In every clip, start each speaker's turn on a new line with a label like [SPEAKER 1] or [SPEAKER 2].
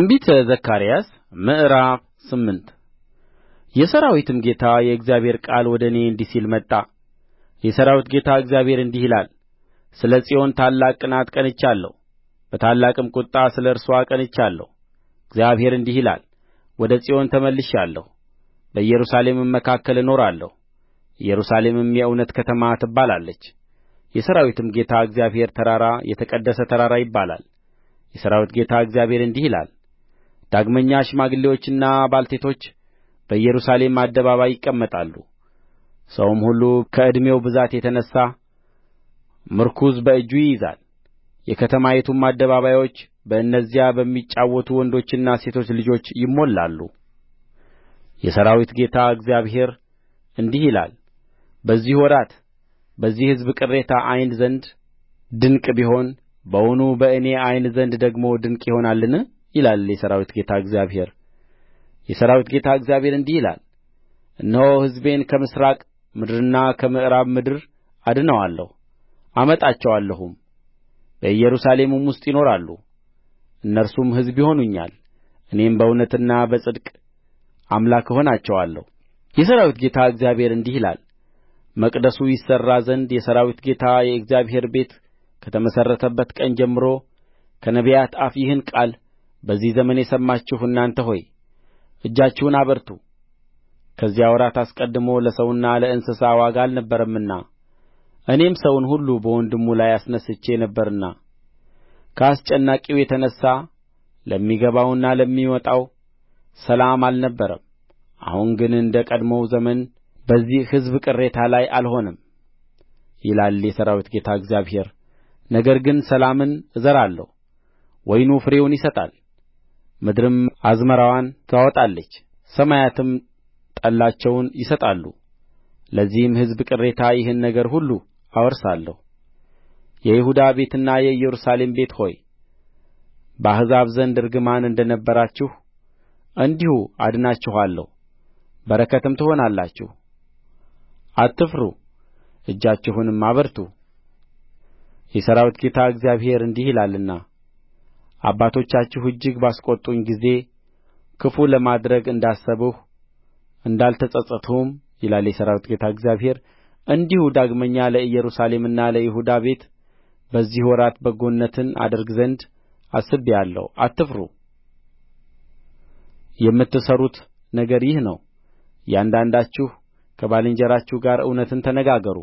[SPEAKER 1] ትንቢተ ዘካርያስ ምዕራፍ ስምንት የሠራዊትም ጌታ የእግዚአብሔር ቃል ወደ እኔ እንዲህ ሲል መጣ የሠራዊት ጌታ እግዚአብሔር እንዲህ ይላል ስለ ጽዮን ታላቅ ቅንዓት ቀንቻለሁ በታላቅም ቍጣ ስለ እርስዋ ቀንቻለሁ እግዚአብሔር እንዲህ ይላል ወደ ጽዮን ተመልሻለሁ በኢየሩሳሌምም መካከል እኖራለሁ ኢየሩሳሌምም የእውነት ከተማ ትባላለች የሠራዊትም ጌታ እግዚአብሔር ተራራ የተቀደሰ ተራራ ይባላል የሠራዊት ጌታ እግዚአብሔር እንዲህ ይላል ዳግመኛ ሽማግሌዎችና ባልቴቶች በኢየሩሳሌም አደባባይ ይቀመጣሉ ሰውም ሁሉ ከዕድሜው ብዛት የተነሣ ምርኩዝ በእጁ ይይዛል የከተማይቱም አደባባዮች በእነዚያ በሚጫወቱ ወንዶችና ሴቶች ልጆች ይሞላሉ የሠራዊት ጌታ እግዚአብሔር እንዲህ ይላል በዚህ ወራት በዚህ ሕዝብ ቅሬታ ዓይን ዘንድ ድንቅ ቢሆን በውኑ በእኔ ዓይን ዘንድ ደግሞ ድንቅ ይሆናልን ይላል የሠራዊት ጌታ እግዚአብሔር የሠራዊት ጌታ እግዚአብሔር እንዲህ ይላል እነሆ ሕዝቤን ከምሥራቅ ምድርና ከምዕራብ ምድር አድነዋለሁ አመጣቸዋለሁም በኢየሩሳሌምም ውስጥ ይኖራሉ እነርሱም ሕዝብ ይሆኑኛል እኔም በእውነትና በጽድቅ አምላክ እሆናቸዋለሁ የሠራዊት ጌታ እግዚአብሔር እንዲህ ይላል መቅደሱ ይሠራ ዘንድ የሠራዊት ጌታ የእግዚአብሔር ቤት ከተመሠረተበት ቀን ጀምሮ ከነቢያት አፍ ይህን ቃል በዚህ ዘመን የሰማችሁ እናንተ ሆይ እጃችሁን አበርቱ ከዚያ ወራት አስቀድሞ ለሰውና ለእንስሳ ዋጋ አልነበረምና እኔም ሰውን ሁሉ በወንድሙ ላይ አስነሥቼ ነበርና ከአስጨናቂው የተነሣ ለሚገባውና ለሚወጣው ሰላም አልነበረም አሁን ግን እንደ ቀድሞው ዘመን በዚህ ሕዝብ ቅሬታ ላይ አልሆንም ይላል የሠራዊት ጌታ እግዚአብሔር ነገር ግን ሰላምን እዘራለሁ ወይኑ ፍሬውን ይሰጣል ምድርም አዝመራዋን ታወጣለች ሰማያትም ጠላቸውን ይሰጣሉ ለዚህም ሕዝብ ቅሬታ ይህን ነገር ሁሉ አወርሳለሁ የይሁዳ ቤትና የኢየሩሳሌም ቤት ሆይ በአሕዛብ ዘንድ እርግማን እንደ ነበራችሁ እንዲሁ አድናችኋለሁ በረከትም ትሆናላችሁ አትፍሩ እጃችሁንም አበርቱ የሠራዊት ጌታ እግዚአብሔር እንዲህ ይላልና አባቶቻችሁ እጅግ ባስቈጡኝ ጊዜ ክፉ ለማድረግ እንዳሰብሁ እንዳልተጸጸትሁም ይላል የሠራዊት ጌታ እግዚአብሔር እንዲሁ ዳግመኛ ለኢየሩሳሌምና ለይሁዳ ቤት በዚህ ወራት በጎነትን አደርግ ዘንድ አስቤአለሁ አትፍሩ የምትሠሩት ነገር ይህ ነው እያንዳንዳችሁ ከባልንጀራችሁ ጋር እውነትን ተነጋገሩ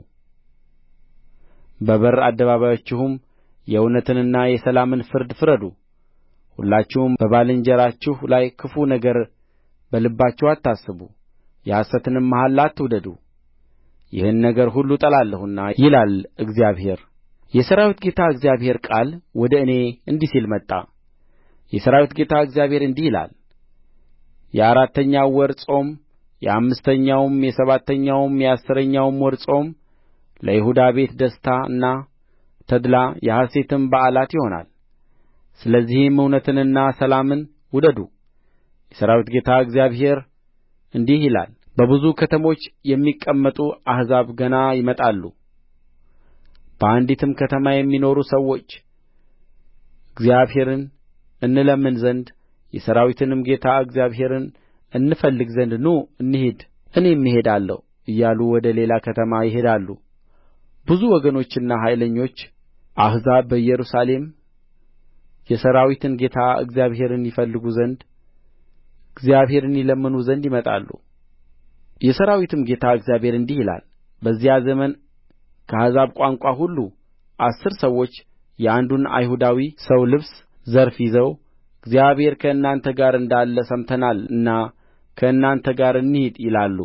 [SPEAKER 1] በበር አደባባያችሁም የእውነትንና የሰላምን ፍርድ ፍረዱ ሁላችሁም በባልንጀራችሁ ላይ ክፉ ነገር በልባችሁ አታስቡ የሐሰትንም መሐላ አትውደዱ ይህን ነገር ሁሉ እጠላለሁና ይላል እግዚአብሔር የሠራዊት ጌታ እግዚአብሔር ቃል ወደ እኔ እንዲህ ሲል መጣ የሠራዊት ጌታ እግዚአብሔር እንዲህ ይላል የአራተኛው ወር ጾም የአምስተኛውም የሰባተኛውም የአሥረኛውም ወር ጾም ለይሁዳ ቤት ደስታና ተድላ የሐሤትም በዓላት ይሆናል ስለዚህም እውነትንና ሰላምን ውደዱ የሠራዊት ጌታ እግዚአብሔር እንዲህ ይላል በብዙ ከተሞች የሚቀመጡ አሕዛብ ገና ይመጣሉ በአንዲትም ከተማ የሚኖሩ ሰዎች እግዚአብሔርን እንለምን ዘንድ የሠራዊትንም ጌታ እግዚአብሔርን እንፈልግ ዘንድ ኑ እንሂድ እኔም እሄዳለሁ እያሉ ወደ ሌላ ከተማ ይሄዳሉ ብዙ ወገኖችና ኃይለኞች አሕዛብ በኢየሩሳሌም የሠራዊትን ጌታ እግዚአብሔርን ይፈልጉ ዘንድ እግዚአብሔርን ይለምኑ ዘንድ ይመጣሉ የሠራዊትም ጌታ እግዚአብሔር እንዲህ ይላል በዚያ ዘመን ከአሕዛብ ቋንቋ ሁሉ አሥር ሰዎች የአንዱን አይሁዳዊ ሰው ልብስ ዘርፍ ይዘው እግዚአብሔር ከእናንተ ጋር እንዳለ ሰምተናልና ከእናንተ ጋር እንሂድ ይላሉ